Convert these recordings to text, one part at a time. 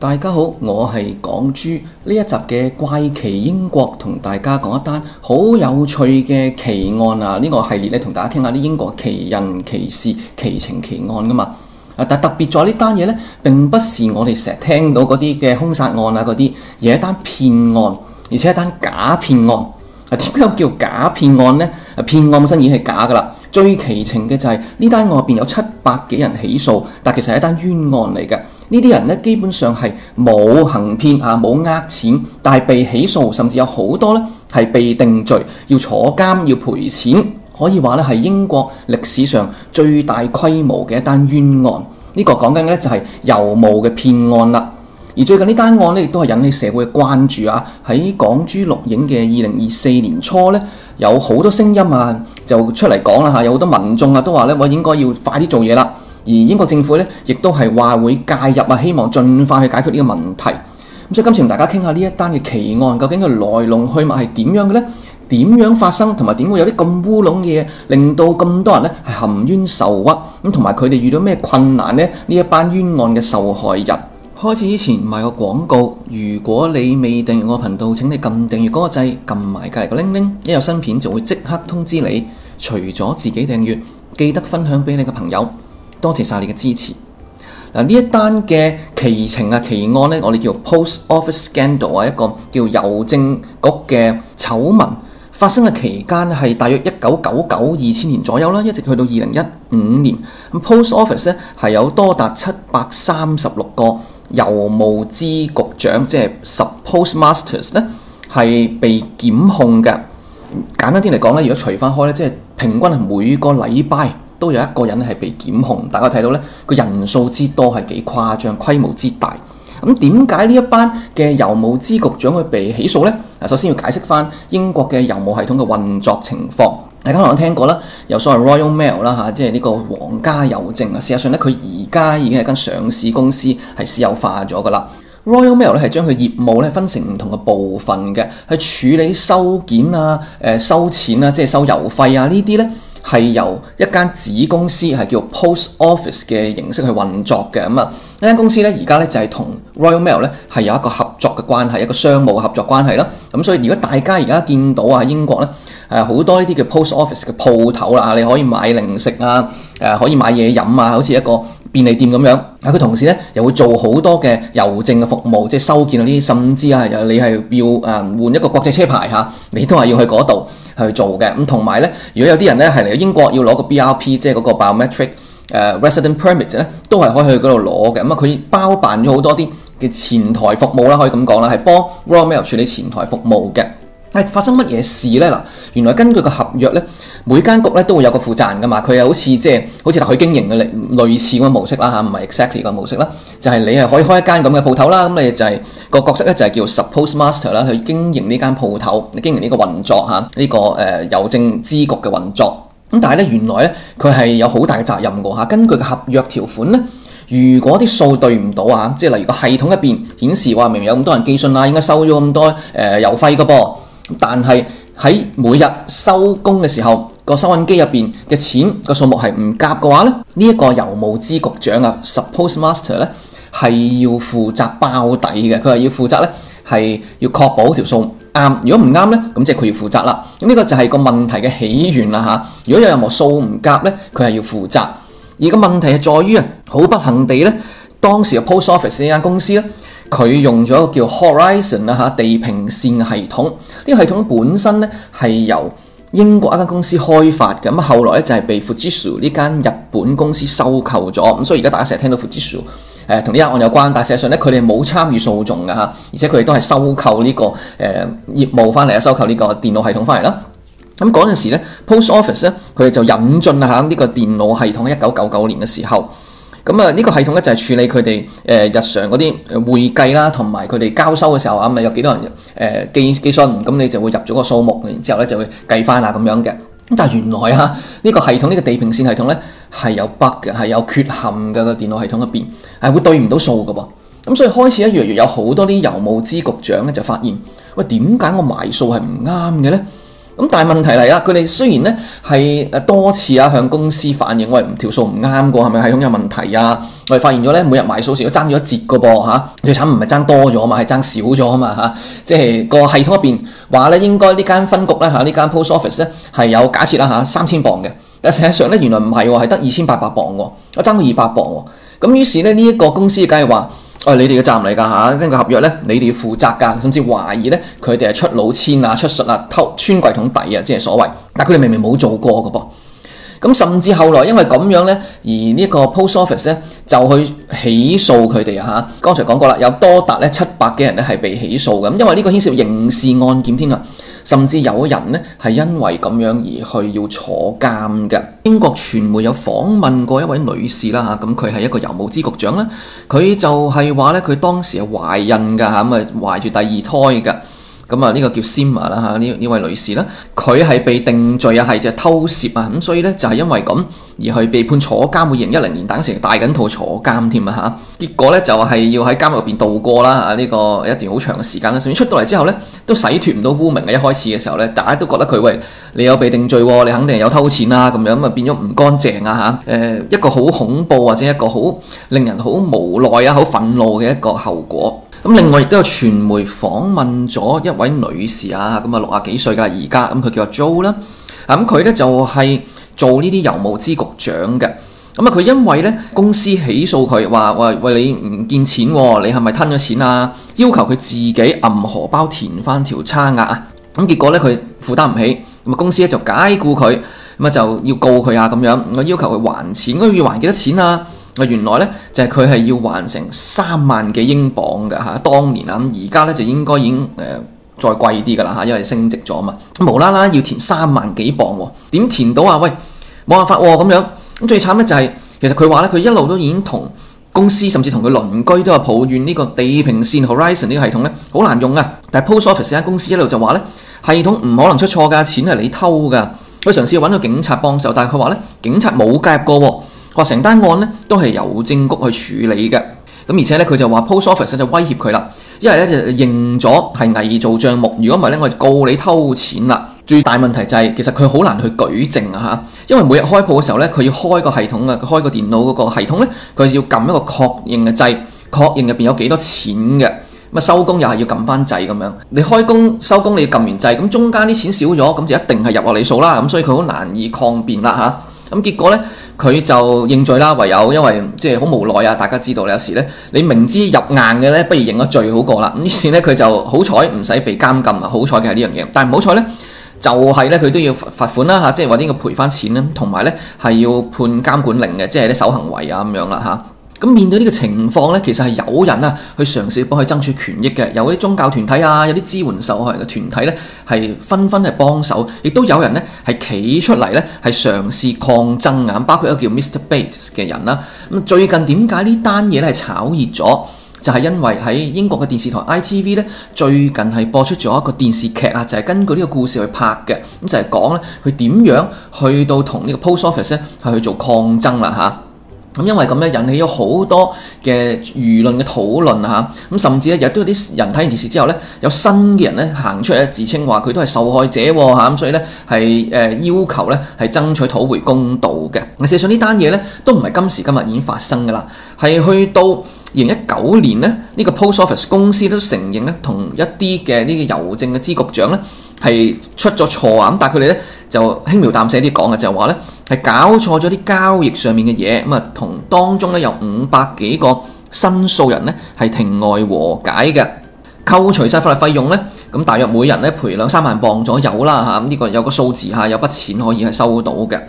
大家好，我係港豬。呢一集嘅怪奇英國，同大家講一單好有趣嘅奇案啊！呢個系列咧，同大家傾下啲英國奇人、奇事、奇情、奇案噶嘛。啊，但特別在呢單嘢咧，並不是我哋成日聽到嗰啲嘅凶殺案啊，嗰啲而係一單騙案，而且一單假騙案。啊，點解叫假騙案呢？啊，騙案本身已經係假噶啦。最奇情嘅就係呢單案入邊有七百幾人起訴，但其實係一單冤案嚟嘅。呢啲人咧，基本上係冇行騙啊，冇呃錢，但係被起訴，甚至有好多咧係被定罪，要坐監，要賠錢，可以話咧係英國歷史上最大規模嘅一單冤案。呢個講緊嘅就係郵務嘅騙案啦。而最近呢單案咧，亦都係引起社會嘅關注啊！喺港珠錄影嘅二零二四年初咧，有好多聲音啊就出嚟講啦嚇，有好多民眾啊都話咧我應該要快啲做嘢啦。而英國政府咧，亦都係話會介入啊，希望盡快去解決呢個問題。咁、嗯、所以今次同大家傾下呢一單嘅奇案，究竟佢來龍去脈係點樣嘅呢？點樣發生，同埋點會有啲咁烏龍嘅嘢，令到咁多人呢係含冤受屈咁，同埋佢哋遇到咩困難呢？呢一班冤案嘅受害人。開始之前賣個廣告，如果你未訂閱我頻道，請你撳訂閱嗰個掣，撳埋隔離個鈴鈴，一有新片就會即刻通知你。除咗自己訂閱，記得分享俾你嘅朋友。多謝晒你嘅支持。嗱，呢一單嘅奇情啊、奇案呢，我哋叫 Post Office Scandal 啊，一個叫郵政局嘅醜聞發生嘅期間咧，係大約一九九九二千年左右啦，一直去到二零一五年。咁 Post Office 呢係有多達七百三十六個郵務支局長，即係 sub-postmasters 呢，係被檢控嘅。簡單啲嚟講呢，如果除返開呢，即係平均係每個禮拜，都有一個人係被檢控，大家睇到呢個人數之多係幾誇張，規模之大。咁點解呢一班嘅郵務支局長會被起訴呢？啊，首先要解釋返英國嘅郵務系統嘅運作情況。大家可能聽過啦，有所謂 Royal Mail 啦、啊、嚇，即係呢個皇家郵政啊。事實上呢，佢而家已經係間上市公司，係私有化咗噶啦。Royal Mail 咧係將佢業務咧分成唔同嘅部分嘅，去處理收件啊、誒、呃、收錢啊、即係收郵費啊呢啲呢。係由一間子公司係叫 Post Office 嘅形式去運作嘅。咁啊，呢間公司呢，而家呢，就係同 Royal Mail 呢，係有一個合作嘅關係，一個商務合作關係啦。咁所以如果大家而家見到啊，英國呢，誒好多呢啲叫 Post Office 嘅鋪頭啦，你可以買零食啊，誒可以買嘢飲啊，好似一個便利店咁樣，喺、啊、佢同時咧，又會做好多嘅郵政嘅服務，即係收件啊啲，甚至啊，你係要誒換一個國際車牌嚇、啊，你都係要去嗰度去做嘅。咁同埋咧，如果有啲人咧係嚟英國要攞個，個 BRP，即係嗰個 biometric 誒 resident permit 咧，都係可以去嗰度攞嘅。咁啊，佢包辦咗好多啲嘅前台服務啦，可以咁講啦，係幫 Royal Mail 處理前台服務嘅。係發生乜嘢事咧？嗱，原來根據個合約咧，每間局咧都會有個負責人噶嘛。佢係好似即係好似特許經營嘅類類似個模式啦嚇，唔係 exactly 個模式啦，就係、是、你係可以開一間咁嘅鋪頭啦。咁、啊、你就係、是那個角色咧就係叫 suppose master 啦、啊，去經營呢間鋪頭，經營呢個運作吓，呢、啊這個誒郵、呃、政支局嘅運作。咁但係咧原來咧佢係有好大嘅責任㗎嚇、啊。根據個合約條款咧，如果啲數對唔到啊，即係例如個系統入邊顯示話明明有咁多人寄信啦，應該收咗咁多誒郵費㗎噃。呃呃呃呃呃呃呃呃但係喺每日收工嘅時候，個收銀機入邊嘅錢、個數目係唔夾嘅話咧，呢、這、一個郵務支局長啊，sub-postmaster 咧係要負責包底嘅。佢係要負責咧係要確保條數啱，如果唔啱咧，咁即係佢要負責啦。咁呢個就係個問題嘅起源啦嚇、啊。如果有任何數唔夾咧，佢係要負責。而個問題係在於啊，好不幸地咧，當時嘅 post office 呢間公司咧。佢用咗個叫 Horizon 啦嚇地平線系統，呢、這個系統本身咧係由英國一間公司開發嘅，咁後來就係被 f 富士通呢間日本公司收購咗，咁、嗯、所以而家大家成日聽到 f 富士通，誒同呢一案有關，但係實際上咧佢哋冇參與訴訟嘅嚇，而且佢哋都係收購呢、這個誒、呃、業務翻嚟，收購呢個電腦系統翻嚟啦。咁嗰陣時咧，Post Office 咧佢哋就引進啊嚇呢個電腦系統，一九九九年嘅時候。咁啊，呢、嗯這個系統咧就係處理佢哋誒日常嗰啲會計啦，同埋佢哋交收嘅時候啊，咪、嗯、有幾多人誒寄寄信咁，呃、你就會入咗個數目，然之後咧就會計翻啦咁樣嘅。但係原來哈呢、啊這個系統，呢、這個地平線系統咧係有 bug 嘅，係有缺陷嘅，這個電腦系統入邊係會對唔到數嘅噃。咁、嗯、所以開始咧，越嚟越有好多啲郵務支局長咧就發現喂，點解我埋數係唔啱嘅咧？咁但係問題嚟啦，佢哋雖然咧係誒多次啊向公司反映，喂唔條數唔啱，個係咪系統有問題啊？我哋發現咗咧，每日買數時都爭咗一折噶噃嚇，最慘唔係爭多咗嘛，係爭少咗啊嘛嚇，即係個系統入邊話咧應該呢間分局咧嚇呢間 post office 咧係有假設啦嚇三千磅嘅，但係實際上咧原來唔係喎，係得二千八百磅喎，我爭到二百磅喎，咁、啊、於是咧呢一、呢個公司梗係話。哦，你哋嘅責任嚟噶嚇，根據合約咧，你哋要負責噶，甚至懷疑咧，佢哋係出老千啊、出術啊、偷穿櫃桶底啊，即係所謂。但係佢哋明明冇做過嘅噃。咁甚至後來因為咁樣咧，而呢個 post office 咧就去起訴佢哋啊嚇。剛才講過啦，有多達咧七百幾人咧係被起訴嘅，咁因為呢個牽涉刑事案件添啊。甚至有人呢，係因為咁樣而去要坐監嘅。英國傳媒有訪問過一位女士啦嚇，咁佢係一個郵務支局長啦，佢就係話咧佢當時係懷孕嘅嚇，咁懷住第二胎嘅。咁啊，呢個叫 Sima 啦嚇，呢呢位女士啦，佢係被定罪啊，係就偷竊啊，咁所以咧就係、是、因為咁而去被判坐監，判刑一零年，等成戴緊套坐監添啊嚇。結果咧就係、是、要喺監獄入邊度過啦嚇，呢、這個一段好長嘅時間啦。甚至出到嚟之後咧都洗脫唔到污名嘅。一開始嘅時候咧，大家都覺得佢喂你有被定罪，你肯定有偷錢啦咁樣，咁啊變咗唔乾淨啊嚇。誒、呃、一個好恐怖或者一個好令人好無奈啊、好憤怒嘅一個後果。咁另外亦都有傳媒訪問咗一位女士啊，咁啊六啊幾歲㗎而家，咁佢叫阿 Jo 啦，咁佢咧就係做呢啲郵務支局長嘅，咁啊佢因為咧公司起訴佢話喂，話你唔見錢，你係咪吞咗錢啊？要求佢自己揞荷包填翻條差額啊，咁結果咧佢負擔唔起，咁啊公司咧就解雇佢，咁啊就要告佢啊咁樣，我要求佢還錢，佢要還幾多錢啊？原來咧就係佢係要還成三萬幾英鎊嘅嚇，當年啊，咁而家咧就應該已經誒、呃、再貴啲㗎啦嚇，因為升值咗嘛，無啦啦要填三萬幾磅，點、啊、填到啊？喂，冇辦法喎、啊、咁樣。咁最慘咧就係、是、其實佢話咧，佢一路都已經同公司甚至同佢鄰居都係抱怨呢個地平線 Horizon 呢個系統咧好難用啊。但係 Post Office 間公司一路就話咧，系統唔可能出錯㗎，錢係你偷㗎。佢嘗試揾個警察幫手，但係佢話咧，警察冇夾過。個成單案咧都係郵政局去處理嘅咁，而且咧佢就話 Post Office 就威脅佢啦，一係咧就認咗係偽造帳目，如果唔係咧我就告你偷錢啦。最大問題就係其實佢好難去舉證啊嚇，因為每日開鋪嘅時候咧，佢要開個系統啊，開個電腦嗰個系統咧，佢要撳一個確認嘅掣，確認入邊有幾多錢嘅咁啊，收工又係要撳翻掣咁樣。你開工收工你要撳完掣，咁中間啲錢少咗咁就一定係入落你數啦咁，所以佢好難以抗辯啦嚇，咁結果咧。佢就認罪啦，唯有因為即係好無奈啊！大家知道咧，有時咧你明知入硬嘅呢，不如認咗罪好過啦。於是呢，佢就好彩唔使被監禁啊，好彩嘅係呢樣嘢。但唔好彩呢，就係呢，佢都要罰款啦嚇，即係話應該賠翻錢啦，同埋呢係要判監管令嘅，即係咧守行為啊咁樣啦嚇。咁面對呢個情況呢，其實係有人啊去嘗試幫佢爭取權益嘅，有啲宗教團體啊，有啲支援受害人嘅團體呢，係紛紛係幫手，亦都有人呢係企出嚟呢，係嘗試抗爭啊！包括一個叫 Mr Bates 嘅人啦。咁最近點解呢單嘢咧係炒熱咗？就係因為喺英國嘅電視台 ITV 呢，最近係播出咗一個電視劇啊，就係根據呢個故事去拍嘅。咁就係講呢，佢點樣去到同呢個 Post Office 呢係去做抗爭啦嚇。咁因為咁咧，引起咗好多嘅輿論嘅討論吓，咁、啊、甚至咧亦都有啲人睇完電視之後咧，有新嘅人咧行出嚟，自稱話佢都係受害者嚇，咁、啊、所以咧係誒要求咧係爭取討回公道嘅。事實上事呢單嘢咧都唔係今時今日已經發生噶啦，係去到二零一九年咧，呢、呢個 Post Office 公司都承認咧同一啲嘅呢個郵政嘅支局長咧係出咗錯啊，咁但係佢哋咧。就輕描淡寫啲講嘅就係話呢，係搞錯咗啲交易上面嘅嘢，咁啊同當中呢，有五百幾個申訴人呢，係庭外和解嘅，扣除晒法律費用呢，咁大約每人呢，賠兩三萬鎊左右啦嚇，呢、這個有個數字嚇，有筆錢可以係收到嘅。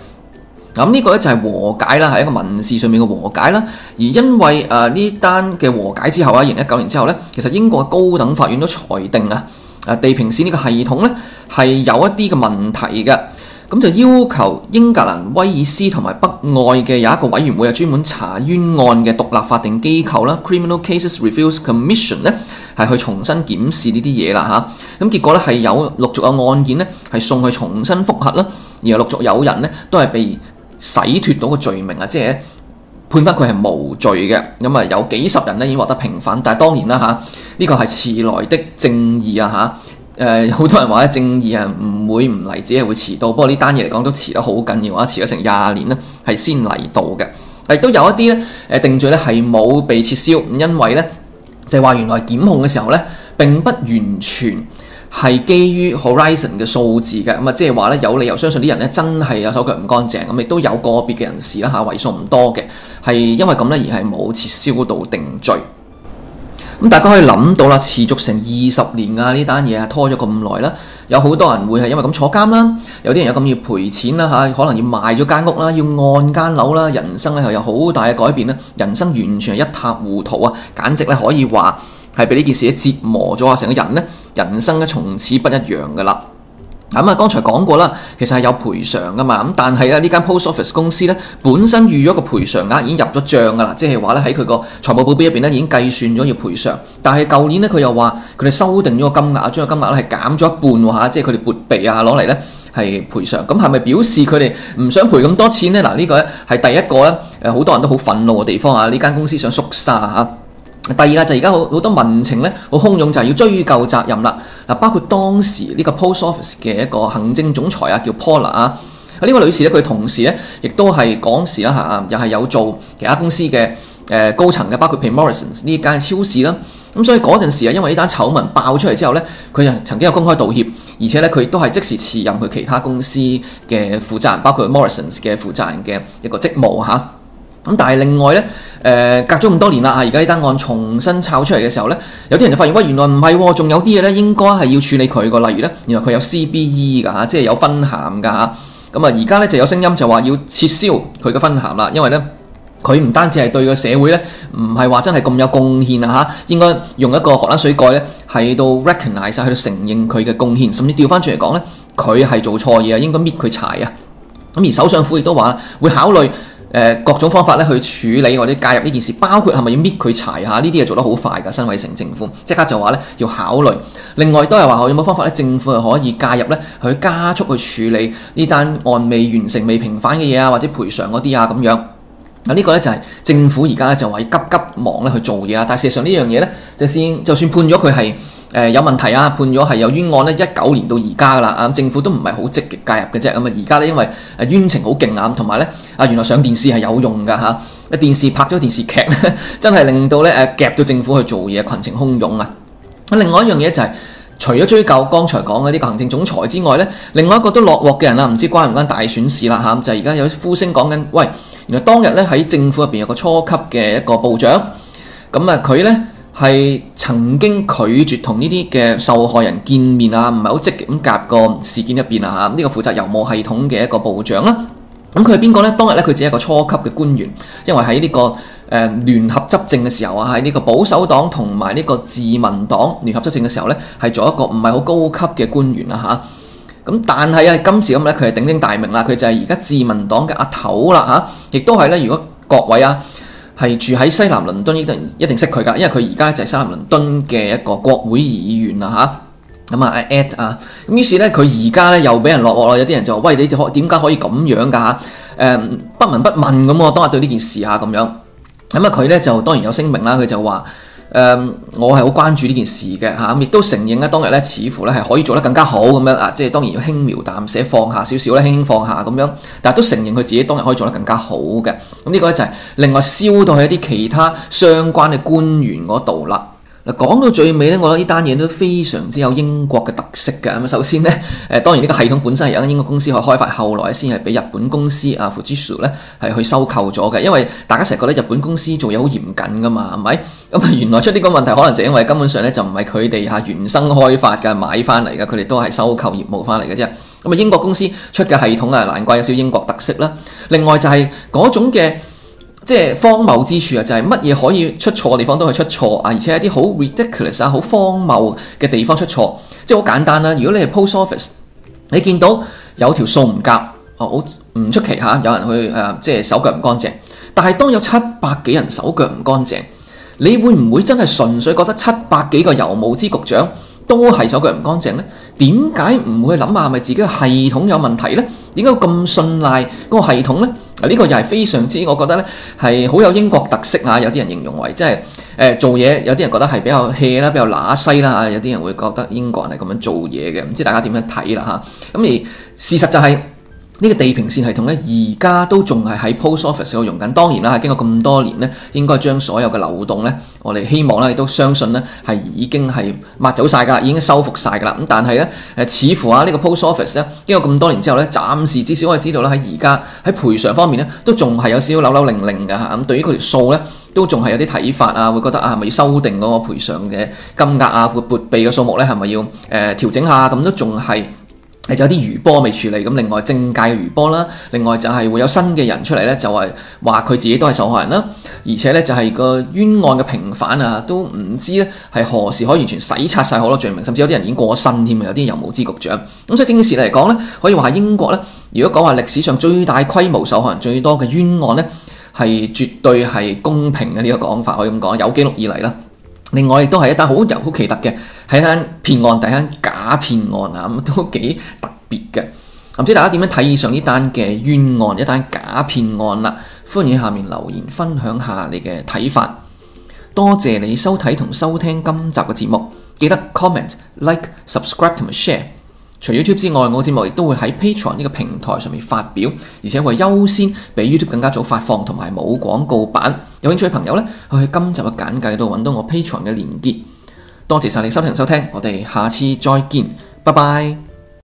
咁、這、呢個呢，就係和解啦，係一個民事上面嘅和解啦。而因為誒呢、呃、單嘅和解之後啊，二零一九年之後呢，其實英國高等法院都裁定啊，誒地平線呢個系統呢，係有一啲嘅問題嘅。咁就要求英格蘭、威爾斯同埋北愛嘅有一個委員會，係專門查冤案嘅獨立法定機構啦，Criminal Cases Review Commission 呢係去重新檢視呢啲嘢啦嚇。咁、啊、結果咧係有陸續嘅案件呢係送去重新複核啦，而陸續有人呢都係被洗脫到個罪名啊，即係判翻佢係無罪嘅。咁啊，有幾十人呢已經獲得平反，但係當然啦嚇，呢、啊這個係遲來的正義啊嚇。誒，好、呃、多人話咧，正義係唔會唔嚟，只係會遲到。不過呢單嘢嚟講，都遲得好緊要啊，遲咗成廿年啦，係先嚟到嘅。亦都有一啲咧，誒、呃、定罪咧係冇被撤銷，因為咧就係、是、話原來檢控嘅時候咧並不完全係基於 Horizon 嘅數字嘅，咁啊即係話咧有理由相信啲人咧真係有手腳唔乾淨，咁亦都有個別嘅人士啦嚇，為數唔多嘅，係因為咁咧而係冇撤銷到定罪。咁大家可以諗到啦，持續成二十年啊，呢單嘢啊拖咗咁耐啦，有好多人會係因為咁坐監啦，有啲人有咁要賠錢啦嚇，可能要賣咗間屋啦，要按間樓啦，人生咧又有好大嘅改變咧，人生完全係一塌糊塗啊，簡直咧可以話係俾呢件事折磨咗啊，成個人呢，人生咧從此不一樣噶啦。咁啊，剛、嗯、才講過啦，其實係有賠償㗎嘛。咁但係咧，呢間 Post Office 公司咧本身預咗個賠償額已經入咗帳㗎啦，即係話咧喺佢個財務報表入邊咧已經計算咗要賠償。但係舊年咧，佢又話佢哋修訂咗個金額，將個金額咧係減咗一半喎嚇，即係佢哋撥備啊攞嚟咧係賠償。咁係咪表示佢哋唔想賠咁多錢咧？嗱，呢、這個咧係第一個咧，誒好多人都好憤怒嘅地方啊！呢間公司想縮沙嚇。第二啦，就而家好好多民情咧，好洶湧，就係、是、要追究責任啦。嗱，包括當時呢個 Post Office 嘅一個行政總裁啊，啊，叫 Paula 啊，呢位女士咧，佢同時咧亦都係港氏啦嚇，又、啊、係有做其他公司嘅誒、呃、高層嘅，包括 P Morrison 呢間超市啦。咁、啊、所以嗰陣時啊，因為呢單醜聞爆出嚟之後咧，佢就曾經有公開道歉，而且咧佢亦都係即時辭任佢其他公司嘅負責人，包括 Morrison 嘅負責人嘅一個職務嚇。啊咁但係另外咧，誒、呃、隔咗咁多年啦嚇，而家呢單案重新炒出嚟嘅時候咧，有啲人就發現喂，原來唔係喎，仲有啲嘢咧應該係要處理佢個，例如咧，原來佢有 CBE 㗎，嚇，即係有勳銜㗎嚇。咁啊，而家咧就有聲音就話要撤銷佢嘅勳銜啦，因為咧佢唔單止係對個社會咧唔係話真係咁有貢獻啊嚇，應該用一個荷蘭水蓋咧喺度 recognize 喺度承認佢嘅貢獻，甚至調翻轉嚟講咧，佢係做錯嘢啊，應該搣佢柴啊。咁而首相府亦都話會考慮。誒各種方法咧去處理或者介入呢件事，包括係咪要搣佢柴下，呢啲嘢做得好快噶。辛偉誠政府即刻就話咧要考慮，另外都係話有冇方法咧，政府係可以介入咧，去加速去處理呢單案未完成、未平反嘅嘢啊，或者賠償嗰啲啊咁樣。啊，呢個咧就係政府而家就話要急急忙咧去做嘢啦。但係事實上呢樣嘢咧，就先就算判咗佢係誒有問題啊，判咗係有冤案咧，一九年到而家噶啦啊，政府都唔係好積極介入嘅啫。咁啊，而家咧因為冤情好勁啊，同埋咧。啊，原來上電視係有用㗎嚇！電視拍咗電視劇真係令到咧誒夾到政府去做嘢，群情洶湧啊！另外一樣嘢就係，除咗追究剛才講嘅呢個行政總裁之外咧，另外一個都落鑊嘅人啦，唔知關唔關大選事啦嚇？就係而家有呼聲講緊，喂！原來當日咧喺政府入邊有個初級嘅一個部長，咁啊佢咧係曾經拒絕同呢啲嘅受害人見面啊，唔係好積極咁夾個事件入邊啊嚇！呢個負責郵務系統嘅一個部長啦。咁佢係邊個呢？當日咧佢只係一個初級嘅官員，因為喺呢個、誒、呃、聯合執政嘅時候啊，喺呢個保守黨同埋呢個自民黨聯合執政嘅時候呢係做一個唔係好高級嘅官員啦吓，咁、啊、但係啊今時今日佢係鼎鼎大名啦，佢就係而家自民黨嘅阿頭啦吓，亦、啊、都係呢。如果各位啊係住喺西南倫敦一，一定一定識佢噶，因為佢而家就係西南倫敦嘅一個國會議員啦吓。啊咁啊 at 啊，咁、uh，於是咧，佢而家咧又俾人落落啦。有啲人就話：喂，你點可點解可以咁樣㗎、啊？嚇、嗯，誒不聞不問咁喎、啊，當日對呢件事嚇、啊、咁樣。咁、嗯、啊，佢咧就當然有聲明啦。佢就話：誒、嗯，我係好關注呢件事嘅嚇。亦、啊、都承認咧，當日咧似乎咧係可以做得更加好咁樣啊。即係當然要輕描淡寫放下少少咧，輕輕放下咁樣。但係都承認佢自己當日可以做得更加好嘅。咁、嗯這個、呢個就係、是、另外燒到去一啲其他相關嘅官員嗰度啦。嗱，講到最尾咧，我覺得呢單嘢都非常之有英國嘅特色嘅。咁首先咧，誒當然呢個系統本身係由英國公司去開發，後來先係俾日本公司啊富士通咧係去收購咗嘅。因為大家成日覺得日本公司做嘢好嚴謹噶嘛，係咪？咁啊原來出啲咁嘅問題，可能就因為根本上咧就唔係佢哋嚇原生開發嘅，買翻嚟嘅，佢哋都係收購業務翻嚟嘅啫。咁啊英國公司出嘅系統啊，難怪有少少英國特色啦。另外就係嗰種嘅。即係荒謬之處啊！就係乜嘢可以出錯嘅地方都係出錯啊！而且一啲好 ridiculous 啊、好荒謬嘅地方出錯，即係好簡單啦。如果你係 post office，你見到有條數唔夾，哦好唔出奇吓、啊，有人去誒、啊、即係手腳唔乾淨。但係當有七百幾人手腳唔乾淨，你會唔會真係純粹覺得七百幾個郵務支局長都係手腳唔乾淨呢？點解唔會諗下係咪自己個系統有問題呢？點解咁信賴個系統呢？呢個又係非常之，我覺得呢係好有英國特色啊！有啲人形容為即係誒、呃、做嘢，有啲人覺得係比較 hea 啦，比較乸西啦啊！有啲人會覺得英國人係咁樣做嘢嘅，唔知大家點樣睇啦嚇？咁而事實就係、是。呢個地平線系統咧，而家都仲係喺 Post Office 度用緊。當然啦，經過咁多年咧，應該將所有嘅漏洞咧，我哋希望咧，亦都相信咧，係已經係抹走曬㗎，已經修復晒㗎啦。咁但係咧，誒、呃、似乎啊，呢、這個 Post Office 咧，經過咁多年之後咧，暫時至少我哋知道啦，喺而家喺賠償方面咧，都仲係有少少扭扭零零㗎嚇。咁、嗯、對於嗰條數咧，都仲係有啲睇法啊，會覺得啊，係咪要修訂嗰個賠償嘅金額啊，撥撥備嘅數目咧，係咪要誒、呃、調整下？咁都仲係。係有啲餘波未處理，咁另外政界嘅餘波啦，另外就係會有新嘅人出嚟咧，就係話佢自己都係受害人啦，而且咧就係個冤案嘅平反啊，都唔知咧係何時可以完全洗刷晒好多罪名，甚至有啲人已經過身添，有啲人無知局長。咁所以整件事嚟講咧，可以話係英國咧，如果講話歷史上最大規模受害人最多嘅冤案咧，係絕對係公平嘅，呢個講法，可以咁講，有記錄以嚟啦。另外亦都係一單好尤好奇特嘅，係一單騙案，第一單假騙案啊，咁都幾特別嘅。唔知大家點樣睇以上呢單嘅冤案一單假騙案啦？歡迎下面留言分享下你嘅睇法。多謝你收睇同收聽今集嘅節目，記得 comment、like、subscribe 同埋 share。除 YouTube 之外，我節目亦都會喺 Patreon 呢個平台上面發表，而且會優先比 YouTube 更加早發放同埋冇廣告版。有興趣嘅朋友呢，可以喺今集嘅簡介度搵到我 Patreon 嘅連結。多謝晒你收聽收聽，我哋下次再見，拜拜。